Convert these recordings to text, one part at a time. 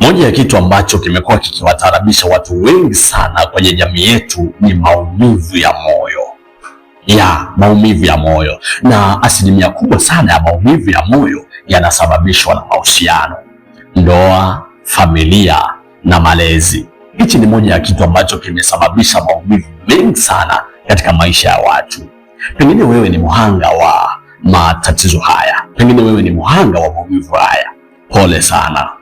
Moja ya kitu ambacho kimekuwa kikiwatarabisha watu wengi sana kwenye jamii yetu ni maumivu ya moyo ya maumivu ya moyo, na asilimia kubwa sana ya maumivu ya moyo yanasababishwa na mahusiano, ndoa, familia na malezi. Hichi ni moja ya kitu ambacho kimesababisha maumivu mengi sana katika maisha ya watu. Pengine wewe ni mhanga wa matatizo haya, pengine wewe ni mhanga wa maumivu haya, pole sana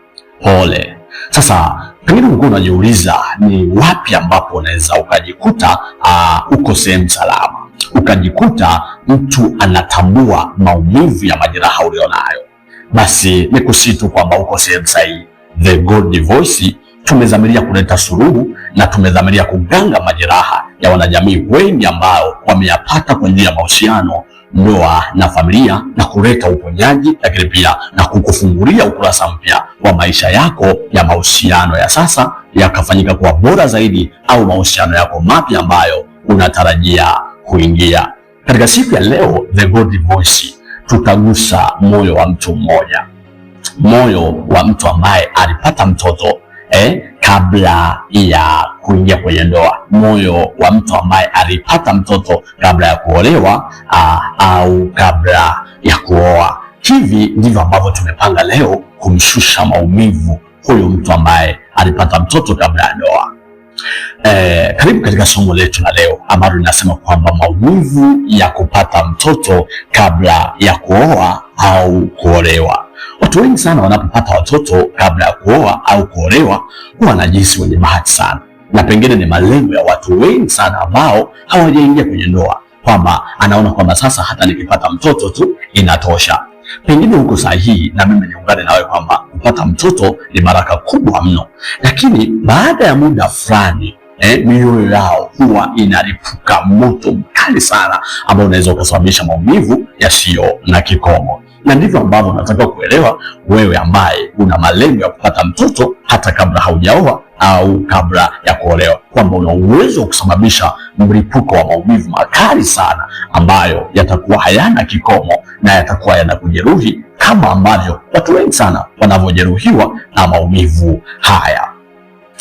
pole. Sasa pengine ulikuwa unajiuliza ni wapi ambapo unaweza ukajikuta uh, uko sehemu salama, ukajikuta mtu anatambua maumivu ya majeraha ulionayo, basi ni kusi tu kwamba uko sehemu sahihi. The Gold Voice tumedhamiria kuleta suluhu na tumedhamiria kuganga majeraha ya wanajamii wengi ambao wameyapata kwa njia ya mahusiano, ndoa na familia, na kuleta uponyaji, lakini pia na kukufungulia ukurasa mpya kwa maisha yako ya mahusiano ya sasa yakafanyika kuwa bora zaidi, au mahusiano yako mapya ambayo unatarajia kuingia. Katika siku ya leo, The God Voice, tutagusa moyo wa mtu mmoja, moyo wa mtu ambaye alipata mtoto eh, kabla ya kuingia kwenye ndoa, moyo wa mtu ambaye alipata mtoto kabla ya kuolewa, aa, ah, au kabla ya kuoa Hivi ndivyo ambavyo tumepanga leo kumshusha maumivu huyu mtu ambaye alipata mtoto kabla ya ndoa. Eh, karibu katika somo letu la leo ambalo linasema kwamba maumivu ya kupata mtoto kabla ya kuoa au kuolewa. Watu wengi sana wanapopata watoto kabla ya kuoa au kuolewa huwa wanajihisi wenye bahati sana, na pengine ni malengo ya watu wengi sana ambao hawajaingia kwenye ndoa, kwamba anaona kwamba sasa hata nikipata mtoto tu inatosha. Pengine uko sahihi, na mimi niungane nawe kwamba kupata mtoto ni baraka kubwa mno, lakini baada ya muda fulani eh, mioyo yao huwa inaripuka moto mkali sana, ambao unaweza ukasababisha maumivu yasiyo na kikomo na ndivyo ambavyo unatakiwa kuelewa wewe ambaye una malengo ya kupata mtoto hata kabla haujaoa au kabla ya kuolewa, kwamba una uwezo wa kusababisha mlipuko wa maumivu makali sana ambayo yatakuwa hayana kikomo na yatakuwa yanakujeruhi kama ambavyo watu wengi sana wanavyojeruhiwa na maumivu haya.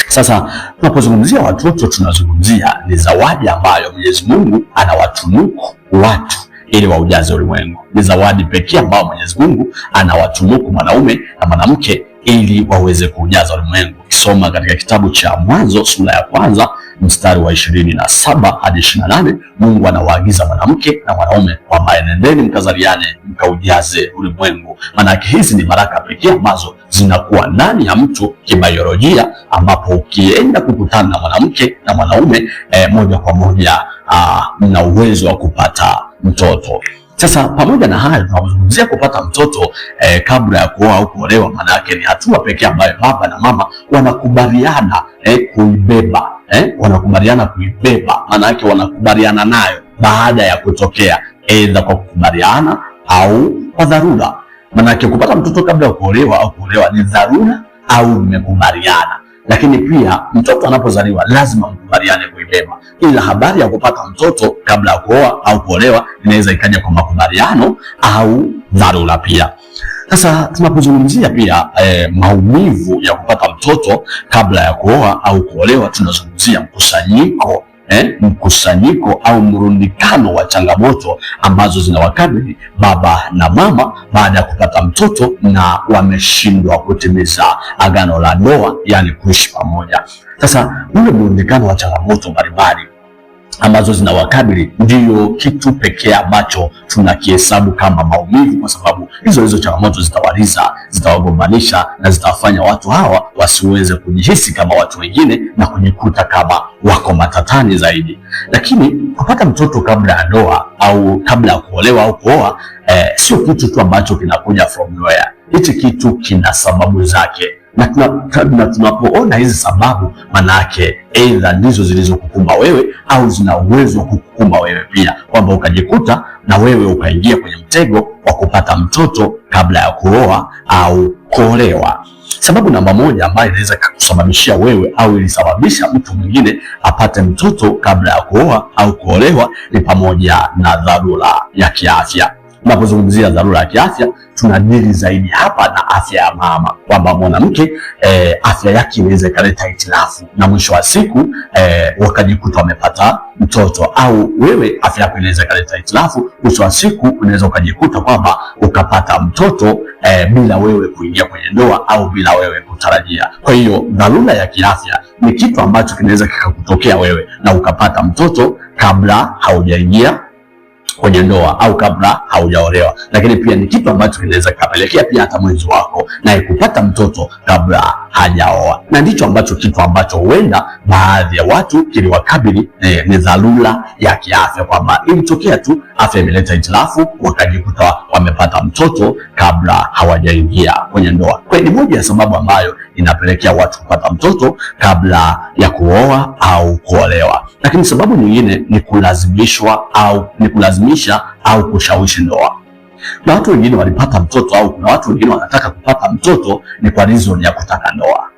Sasa tunapozungumzia watoto tunazungumzia ni zawadi ambayo Mwenyezi Mungu anawatunuku watu ili waujaze ulimwengu. Ni zawadi pekee ambayo Mwenyezi Mungu anawatunuku mwanaume na mwanamke ili waweze kuujaza ulimwengu. Ukisoma katika kitabu cha Mwanzo sura ya kwanza mstari wa ishirini na saba hadi ishirini na nane Mungu anawaagiza mwanamke na mwanaume kwamba enendeni mkazaliane mkaujaze ulimwengu. Maanake hizi ni baraka pekee ambazo zinakuwa ndani ya mtu kibaiolojia, ambapo ukienda kukutana na mwanamke na mwanaume eh, moja kwa moja ah, mna uwezo wa kupata mtoto. Sasa pamoja na hayo tunazungumzia kupata mtoto eh, kabla ya kuoa au kuolewa. Maana yake ni hatua pekee ambayo baba na mama wanakubaliana eh, kuibeba eh, wanakubaliana kuibeba, maana yake wanakubaliana nayo baada ya kutokea, aidha kwa kukubaliana au kwa dharura. Maana yake kupata mtoto kabla ya kuolewa au kuolewa ni dharura au mmekubaliana lakini pia mtoto anapozaliwa lazima mkubaliane kuibeba, ila habari ya kupata mtoto kabla ya kuoa au kuolewa inaweza ikaja kwa makubaliano au dharura pia. Sasa tunapozungumzia pia eh, maumivu ya kupata mtoto kabla ya kuoa au kuolewa, tunazungumzia mkusanyiko eh, mkusanyiko au mrundikano wa changamoto ambazo zinawakabili baba na mama baada ya kupata mtoto na wameshindwa kutimiza agano la ndoa, yani kuishi pamoja. Sasa ule mrundikano wa changamoto mbalimbali ambazo zinawakabili ndiyo kitu pekee ambacho tunakihesabu kama maumivu, kwa sababu hizo hizo changamoto zitawaliza, zitawagombanisha na zitawafanya watu hawa wasiweze kujihisi kama watu wengine na kujikuta kama wako matatani zaidi. Lakini kupata mtoto kabla ya ndoa au kabla ya kuolewa au kuoa, eh, sio kitu tu ambacho kinakuja from nowhere. Hichi kitu kina sababu zake na tunapoona hizi sababu, manake aidha ndizo zilizokukumba wewe au zina uwezo wa kukukumba wewe pia, kwamba ukajikuta na wewe ukaingia kwenye mtego wa kupata mtoto kabla ya kuoa au kuolewa. Sababu namba moja ambayo inaweza ikakusababishia wewe au ilisababisha mtu mwingine apate mtoto kabla ya kuoa au kuolewa ni pamoja na dharura ya kiafya tunapozungumzia dharura ya kiafya tunadili zaidi hapa na afya ya mama, kwamba mwanamke eh, afya yake inaweza ikaleta hitilafu na mwisho wa siku eh, wakajikuta wamepata mtoto, au wewe afya yako inaweza ikaleta hitilafu, mwisho wa siku unaweza ukajikuta kwamba ukapata mtoto eh, bila wewe kuingia kwenye ndoa au bila wewe kutarajia. Kwa hiyo dharura ya kiafya ni kitu ambacho kinaweza kikakutokea wewe na ukapata mtoto kabla haujaingia kwenye ndoa au kabla haujaolewa, lakini pia ni kitu ambacho kinaweza kikapelekea pia hata mwenzi wako naye kupata mtoto kabla hajaoa, na ndicho ambacho kitu ambacho huenda baadhi ya watu kiliwakabili eh, ni dharura ya kiafya, kwamba ilitokea tu afya imeleta hitilafu, wakajikuta wamepata mtoto kabla hawajaingia kwenye ndoa. Kwa ni moja ya sababu ambayo inapelekea watu kupata mtoto kabla ya kuoa au kuolewa. Lakini sababu nyingine ni kulazimishwa au ni kulazimisha au kushawishi ndoa. Kuna watu wengine walipata mtoto au kuna watu wengine wanataka kupata mtoto ni kwa reason ya kutaka ndoa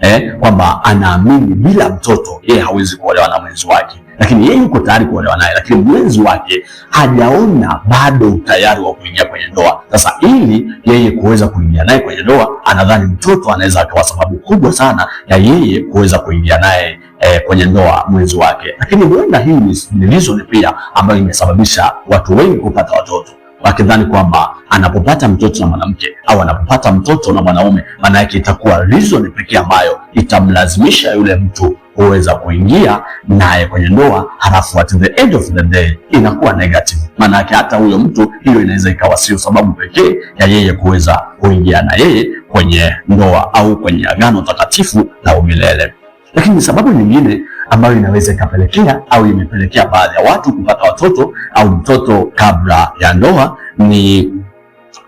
eh, kwamba anaamini bila mtoto yeye hawezi kuolewa na mwenzi wake lakini yeye yuko tayari kuolewa naye, lakini mwenzi wake hajaona bado utayari wa kuingia kwenye ndoa. Sasa ili yeye kuweza kuingia naye kwenye ndoa, anadhani mtoto anaweza akawa sababu kubwa sana ya yeye kuweza kuingia naye eh, kwenye ndoa mwenzi wake. Lakini huenda hii ni reason pia ambayo imesababisha watu wengi kupata watoto wakidhani kwamba anapopata mtoto na mwanamke au anapopata mtoto na mwanaume, maana yake itakuwa reason pekee ambayo itamlazimisha yule mtu kuweza kuingia naye kwenye ndoa, halafu at the end of the day inakuwa negative. Maana yake hata huyo mtu, hiyo inaweza ikawa sio sababu pekee ya yeye kuweza kuingia na yeye kwenye ndoa au kwenye agano takatifu la umilele. Lakini sababu nyingine ambayo inaweza ikapelekea au imepelekea baadhi ya watu kupata watoto au mtoto kabla ya ndoa ni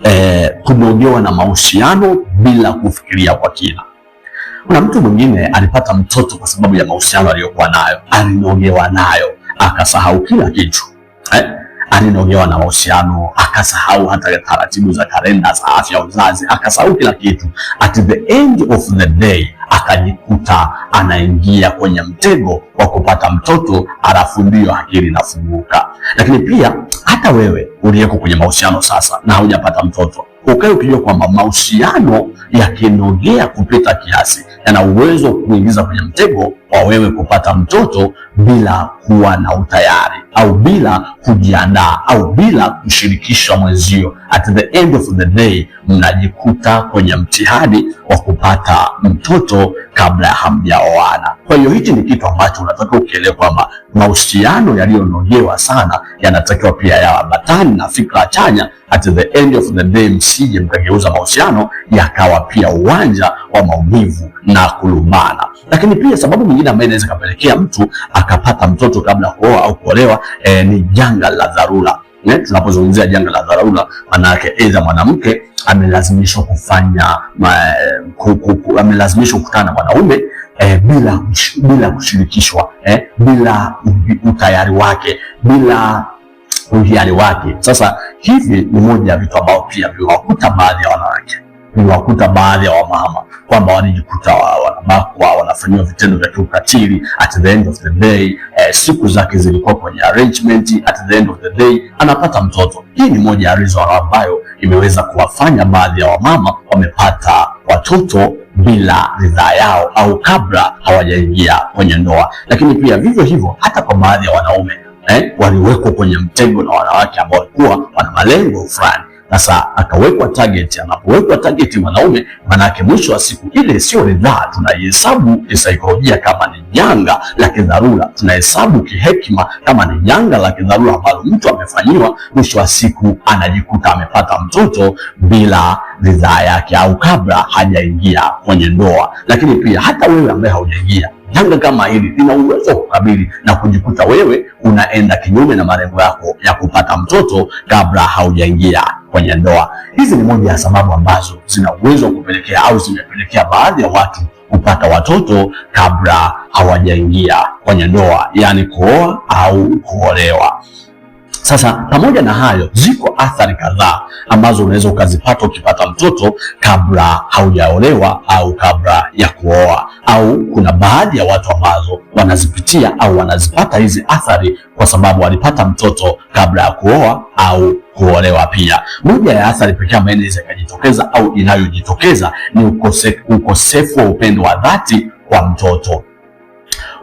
eh, kunogewa na mahusiano bila kufikiria kwa kina. Kuna mtu mwingine alipata mtoto kwa sababu ya mahusiano aliyokuwa nayo, alinogewa nayo akasahau kila kitu eh? Alinogewa na mahusiano akasahau hata taratibu za kalenda za afya uzazi, akasahau kila kitu. At the end of the day akajikuta anaingia kwenye mtego wa kupata mtoto, alafu ndiyo akili inafunguka. Lakini pia hata wewe uliyeko kwenye mahusiano sasa na hujapata mtoto ukae ukijua kwamba mahusiano yakinogea kupita kiasi yana uwezo wa kuingiza kwenye mtego kwa wewe kupata mtoto bila kuwa na utayari au bila kujiandaa au bila kushirikisha mwenzio. At the end of the day, mnajikuta kwenye mtihani wa kupata mtoto kabla ya hamjaoana. Kwa hiyo hichi ni kitu ambacho unataka ukielewe kwamba mahusiano yaliyonogewa sana yanatakiwa pia yaambatane na fikra chanya. At the end of the day, msije mkageuza mahusiano yakawa pia uwanja wa maumivu na kulumbana. Lakini pia sababu mwingine ambaye inaweza kapelekea mtu akapata mtoto kabla ya kuoa au kuolewa e, ni janga la dharura. Eh, tunapozungumzia janga la dharura, maana yake aidha mwanamke amelazimishwa kufanya eh, amelazimishwa kukutana na mwanaume e, bila, bila kushirikishwa e, bila utayari wake bila uhiari wake. Sasa hivi ni moja ya vitu ambavyo pia viwakuta baadhi ya wanawake niwakuta baadhi ya wamama kwamba walijikuta wanabakwa, wanafanyiwa vitendo vya kiukatili. At the end of the day eh, siku zake zilikuwa kwenye arrangement. At the end of the day anapata mtoto. Hii ni moja ya reason ambayo imeweza kuwafanya baadhi ya wamama wamepata watoto bila ridhaa yao au kabla hawajaingia kwenye ndoa. Lakini pia vivyo hivyo hata kwa baadhi ya wanaume eh, waliwekwa kwenye mtego na wanawake ambao walikuwa wana malengo fulani sasa akawekwa target. Anapowekwa target mwanaume, manake mwisho wa siku ile sio ridhaa, tunaihesabu kisaikolojia kama ni janga la kidharura, tunahesabu kihekima kama ni janga la kidharura ambalo mtu amefanyiwa, mwisho wa siku anajikuta amepata mtoto bila ridhaa yake au kabla hajaingia kwenye ndoa. Lakini pia hata wewe ambaye haujaingia janga kama hili lina uwezo kukabili na kujikuta wewe unaenda kinyume na malengo yako ya kupata mtoto kabla haujaingia kwenye ndoa. Hizi ni moja ya sababu ambazo zina uwezo wa kupelekea au zimepelekea baadhi ya watu kupata watoto kabla hawajaingia kwenye ndoa, yaani kuoa au kuolewa. Sasa pamoja na hayo, ziko athari kadhaa ambazo unaweza ukazipata ukipata mtoto kabla haujaolewa au kabla ya kuoa, au kuna baadhi ya watu ambazo wanazipitia au wanazipata hizi athari kwa sababu walipata mtoto kabla ya kuoa au kuolewa pia. Moja ya athari pekee ambayo inaweza ikajitokeza au inayojitokeza ni ukose, ukosefu wa upendo wa dhati kwa mtoto.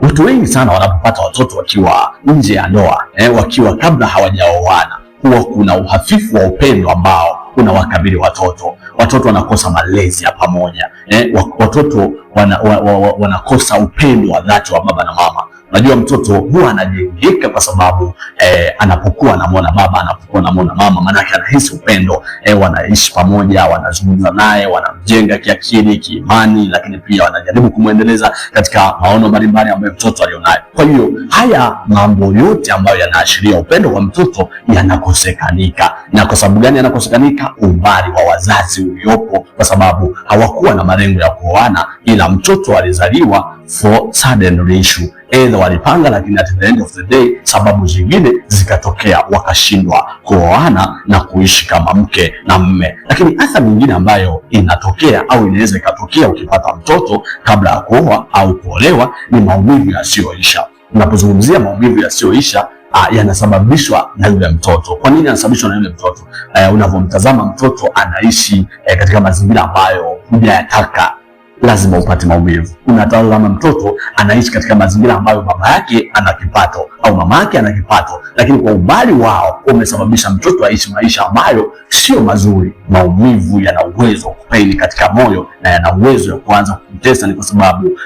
Watu wengi sana wanapopata watoto wakiwa nje ya ndoa eh, wakiwa kabla hawajaoana, huwa kuna uhafifu wa upendo ambao unawakabili watoto. Watoto wanakosa malezi ya pamoja eh, watoto wana, wa, wa, wa, wanakosa upendo wa dhati wa baba na mama Unajua mtoto huwa anajengeka kwa sababu eh, anapokuwa anamwona baba, anapokuwa anamwona mama, maanake anahisi upendo eh, wanaishi pamoja, wanazungumza naye, wanamjenga kiakili, kiimani, lakini pia wanajaribu kumwendeleza katika maono mbalimbali ambayo mtoto alionayo. Kwa hiyo haya mambo yote ambayo yanaashiria upendo kwa mtoto yanakosekanika. Na kwa sababu gani yanakosekanika? Umbali wa wazazi uliopo, kwa sababu hawakuwa na malengo ya kuoana, ila mtoto alizaliwa for sudden issue Aidha walipanga, lakini at the end of the day sababu zingine zikatokea, wakashindwa kuoana na kuishi kama mke na mme. Lakini athari nyingine ambayo inatokea au inaweza ikatokea ukipata mtoto kabla ya kuoa au kuolewa ni maumivu yasiyoisha. Unapozungumzia maumivu yasiyoisha ah, yanasababishwa na yule mtoto. Kwa nini yanasababishwa na yule mtoto? Eh, unavyomtazama mtoto anaishi eh, katika mazingira ambayo hujayataka lazima upate maumivu. Unatazama mtoto anaishi katika mazingira ambayo baba yake ana kipato au mama yake ana kipato, lakini kwa umbali wao umesababisha mtoto aishi maisha ambayo sio mazuri. Maumivu yana uwezo wa kupeni katika moyo na yana uwezo wa kuanza kumtesa, ni kwa sababu uh,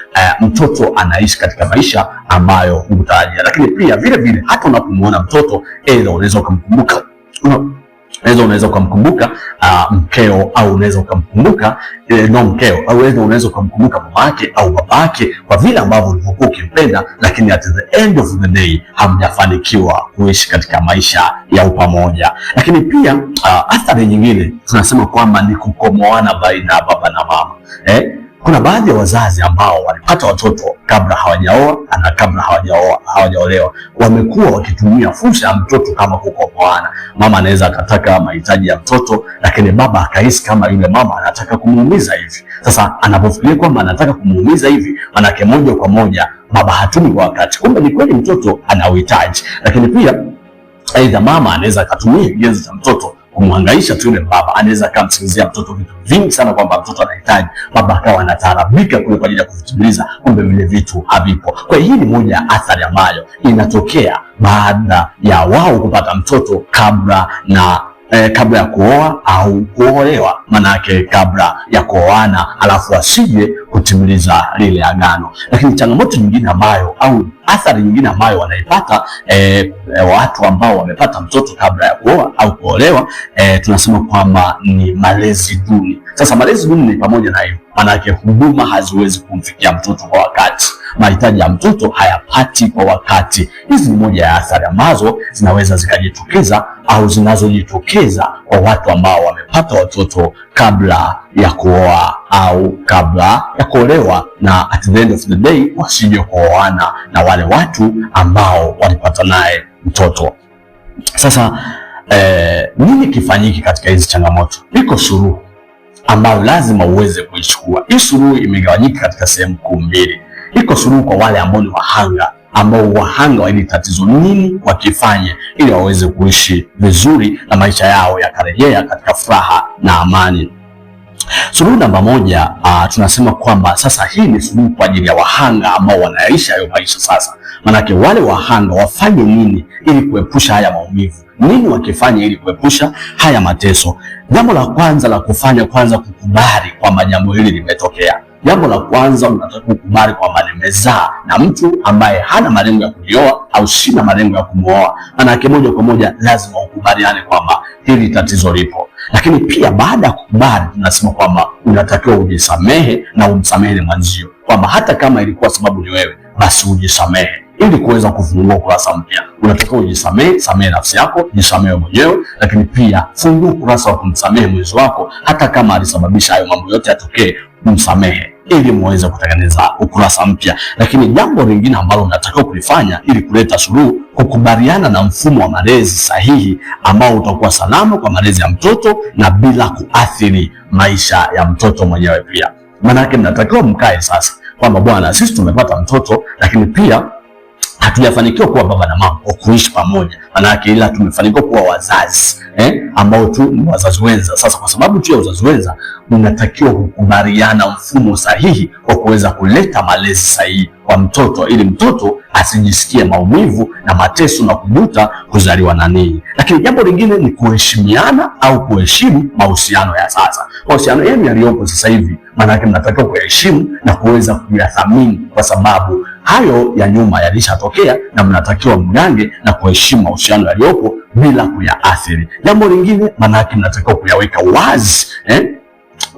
mtoto anaishi katika maisha ambayo hukutarajia. Lakini pia vile vile hata unapomwona mtoto, aidha unaweza ukamkumbuka Unaweza unaweza ukamkumbuka uh, mkeo au unaweza ukamkumbuka eh, no mkeo au unaweza ukamkumbuka mamake au babake kwa vile ambavyo ulivyokuwa ukimpenda, lakini at the end of the day hamjafanikiwa kuishi katika maisha ya upamoja. Lakini pia uh, athari nyingine tunasema kwamba ni kukomoana baina ya baba na mama eh? Kuna baadhi ya wazazi ambao walipata watoto kabla hawajaoa na kabla hawajaoa hawajaolewa, wamekuwa wakitumia fursa ya mtoto kama kukopoana. Mama anaweza akataka mahitaji ya mtoto, lakini baba akahisi kama yule mama anataka kumuumiza hivi. Sasa anapofikiria kwamba anataka kumuumiza hivi, manake moja kwa moja baba hatumi kwa wakati, kumbe ni kweli mtoto ana uhitaji, lakini pia aidha mama anaweza akatumia kigezo cha mtoto kumhangaisha tu yule baba, anaweza akamsikilizia mtoto vitu vingi sana, kwamba mtoto anahitaji, baba akawa anataarabika kule kwa ajili ya kuvitimiliza, kumbe vile vitu havipo. Kwa hiyo hii ni moja ya athari ambayo inatokea baada ya wao kupata mtoto kabla na eh, kabla ya kuoa au kuolewa, manake kabla ya kuoana, alafu asije kutimiliza lile agano. Lakini changamoto nyingine ambayo au athari nyingine ambayo wanaipata eh, eh watu ambao wamepata mtoto kabla ya kuoa au kuolewa eh, tunasema kwamba ni malezi duni. Sasa malezi duni ni pamoja na hiyo manake huduma haziwezi kumfikia mtoto kwa wakati, mahitaji ya mtoto hayapati kwa wakati. Hizi ni moja ya athari ambazo zinaweza zikajitokeza au zinazojitokeza kwa watu ambao wamepata watoto kabla ya kuoa au kabla ya kuolewa, na at the end of the day wasije kuoana na wale watu ambao walipata naye mtoto. Sasa eh, nini kifanyiki katika hizi changamoto? Iko suluhu ambayo lazima uweze kuichukua. Hii suluhu imegawanyika katika sehemu kuu mbili. Iko suluhu kwa wale ambao ni wahanga, ambao wahanga wa hili tatizo, nini wakifanye ili waweze kuishi vizuri na maisha yao yakarejea katika furaha na amani. Suluhu namba moja, uh, tunasema kwamba sasa hii ni suluhu kwa ajili ya wahanga ambao wanaishi hayo maisha sasa. Manake wale wahanga wafanye nini ili kuepusha haya maumivu? nini wakifanya ili kuepusha haya mateso? Jambo la kwanza la kufanya, kwanza kukubali kwamba jambo hili limetokea. Jambo la kwanza unataka kukubali kwamba nimezaa na mtu ambaye hana malengo ya kunioa au sina malengo ya kumwoa. Manake moja kwa moja lazima ukubaliane kwamba hili tatizo lipo, lakini pia baada ya kukubali, tunasema kwamba unatakiwa ujisamehe na umsamehe mwanzio kwamba hata kama ilikuwa sababu ni wewe, basi ujisamehe ili kuweza kufungua ukurasa mpya. Unatakiwa ujisamehe, samehe nafsi yako, jisamehe mwenyewe, lakini pia fungua ukurasa wa kumsamehe mwenzi wako, hata kama alisababisha hayo mambo yote yatokee, msamehe ili muweze kutengeneza ukurasa mpya. Lakini jambo lingine ambalo unatakiwa kulifanya ili kuleta suluhu, kukubaliana na mfumo wa malezi sahihi ambao utakuwa salama kwa malezi ya mtoto na bila kuathiri maisha ya mtoto mwenyewe pia. Maana mnatakiwa mkae sasa kwamba bwana, sisi tumepata mtoto, lakini pia hatujafanikiwa kuwa baba na mama au kuishi pamoja manake, ila tumefanikiwa kuwa wazazi eh, ambao tu ni wazazi wenza. Sasa kwa sababu tu ya uzazi wenza, unatakiwa kukubaliana mfumo sahihi wa kuweza kuleta malezi sahihi kwa mtoto, ili mtoto asijisikie maumivu na mateso na kujuta kuzaliwa na ninyi. Lakini jambo lingine ni kuheshimiana au kuheshimu mahusiano ya sasa, mahusiano yenu yaliyopo sasa hivi, manake mnatakiwa kuheshimu na kuweza kuyathamini, kwa sababu Hayo ya nyuma yalishatokea na mnatakiwa mgange na kuheshimu mahusiano yaliyopo bila kuyaathiri. Jambo lingine, yake mnatakiwa kuyaweka wazi eh,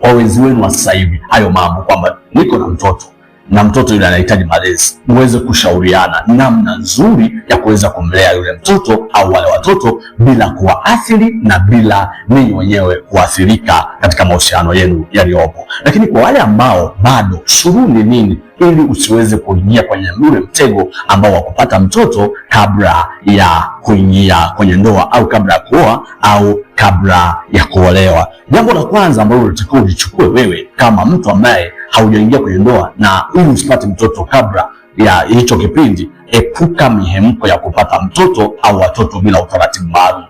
kwa wenzi wenu wa sasa hivi hayo mambo, kwamba niko na mtoto na mtoto yule anahitaji malezi, uweze kushauriana namna nzuri ya kuweza kumlea yule mtoto au wale watoto bila kuwaathiri na bila ninyi wenyewe kuathirika katika mahusiano yenu yaliyopo. Lakini kwa wale ambao bado, suluhu ni nini ili usiweze kuingia kwenye ule mtego ambao wa kupata mtoto kabla ya kuingia kwenye ndoa au kabla ya kuoa au kabla ya kuolewa? Jambo la kwanza ambalo unatakiwa ulichukue wewe kama mtu ambaye haujaingia kwenye ndoa na ili usipate mtoto kabla ya hicho kipindi, epuka mihemko ya kupata mtoto au watoto bila utaratibu maalum.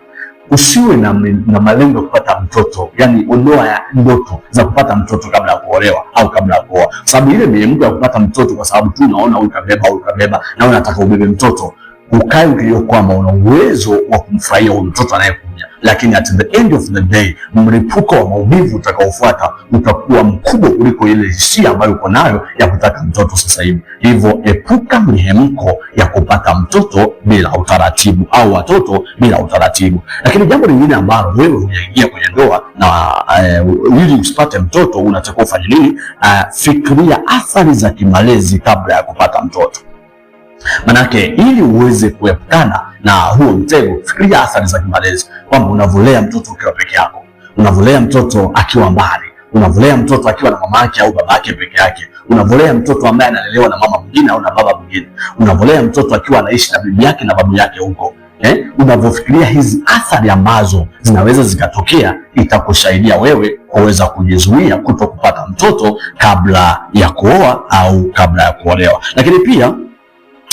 Usiwe na, na malengo ya kupata mtoto, yani ndoa ya ndoto za kupata mtoto kabla ya kuolewa au kabla ya kuoa, kwa sababu ile mihemko ya kupata mtoto, kwa sababu tu unaona huyu kabeba au kabeba na unataka ubebe mtoto, ukae ukijua kwamba una uwezo wa kumfurahia huyu mtoto anayekuja lakini at the end of the day mlipuko wa maumivu utakaofuata utakuwa mkubwa kuliko ile hisia ambayo uko nayo ya kutaka mtoto sasa hivi. Hivyo epuka mihemko ya kupata mtoto bila utaratibu au watoto bila utaratibu. Lakini jambo lingine ambalo wewe unaingia kwenye ndoa na eh, ili usipate mtoto unatakiwa ufanye nini? Uh, fikiria athari za kimalezi kabla ya kupata mtoto. Manake ili uweze kuepukana na huo mtego, fikiria athari za kimalezi, kwamba unavolea mtoto ukiwa peke yako, unavolea mtoto akiwa mbali, unavulea mtoto akiwa na mama yake au baba yake peke yake, unavolea mtoto ambaye analelewa na mama mwingine au na baba mwingine, unavolea mtoto akiwa anaishi na bibi yake na babu yake huko Eh, unavyofikiria hizi athari ambazo zinaweza zikatokea, itakusaidia wewe kuweza kujizuia kuto kupata mtoto kabla ya kuoa au kabla ya kuolewa, lakini pia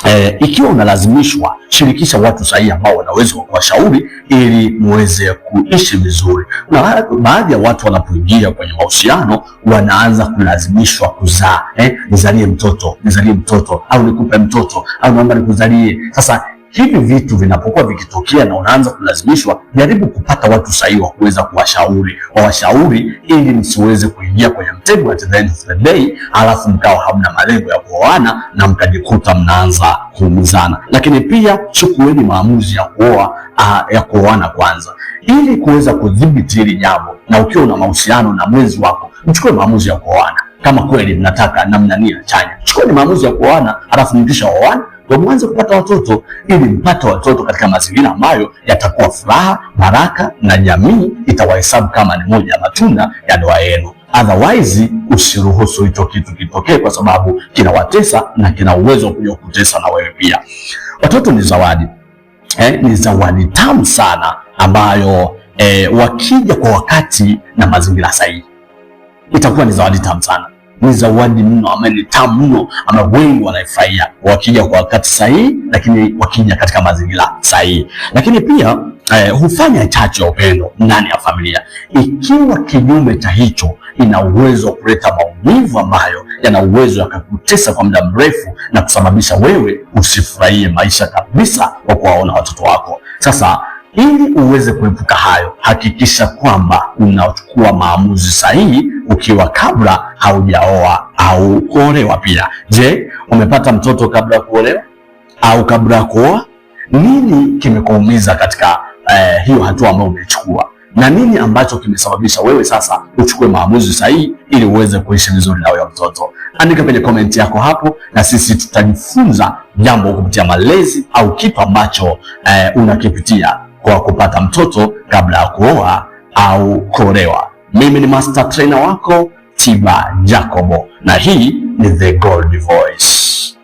E, ikiwa unalazimishwa shirikisha watu sahihi ambao wanaweza kuwashauri ili muweze kuishi vizuri. Na baadhi ya watu wanapoingia kwenye mahusiano wanaanza kulazimishwa kuzaa eh, nizalie mtoto nizalie mtoto au nikupe mtoto au naomba nikuzalie. Sasa hivi vitu vinapokuwa vikitokea na unaanza kulazimishwa, jaribu kupata watu sahihi wa kuweza kuwashauri, wawashauri ili msiweze kuingia kwenye mtego at the end of the day, alafu mkawa hamna malengo ya kuoana na mkajikuta mnaanza kuumizana. Lakini pia chukueni maamuzi ya kuoa uh, ya kuoana kwanza, ili kuweza kudhibiti hili jambo, na ukiwa una mahusiano na mwenzi wako, mchukue maamuzi ya kuoana kama kweli mnataka namna nia chanya, chukueni maamuzi ya kuoana, alafu oana ndio mwanze kupata watoto, ili mpate watoto katika mazingira ambayo yatakuwa furaha, baraka na jamii itawahesabu kama ni moja ya matunda ya ndoa yenu. Otherwise, usiruhusu hicho kitu kitokee, kwa sababu kinawatesa na kina uwezo wa kuja kutesa na wewe pia. Watoto ni zawadi eh, ni zawadi tamu sana ambayo eh, wakija kwa wakati na mazingira sahihi itakuwa ni zawadi tamu sana ni zawadi mno, ama ni tamu mno, ambayo wengi wanaifurahia wakija kwa wakati sahihi, lakini wakija katika mazingira sahihi. Lakini pia eh, hufanya chachu ya upendo ndani ya familia. Ikiwa kinyume cha hicho, ina uwezo wa kuleta maumivu ambayo yana uwezo yakakutesa kwa muda mrefu na kusababisha wewe usifurahie maisha kabisa kwa kuwaona watoto wako sasa ili uweze kuepuka hayo, hakikisha kwamba unachukua maamuzi sahihi ukiwa kabla haujaoa au kuolewa. Pia je, umepata mtoto kabla ya kuolewa au kabla ya kuoa? Nini kimekuumiza katika eh, hiyo hatua ambayo umechukua na nini ambacho kimesababisha wewe sasa uchukue maamuzi sahihi ili uweze kuishi vizuri na huyo mtoto? Andika kwenye komenti yako hapo, na sisi tutajifunza jambo kupitia malezi au kitu ambacho eh, unakipitia kwa kupata mtoto kabla ya kuoa au kuolewa. Mimi ni master trainer wako Tiba Jacobo na hii ni The Gold Voice.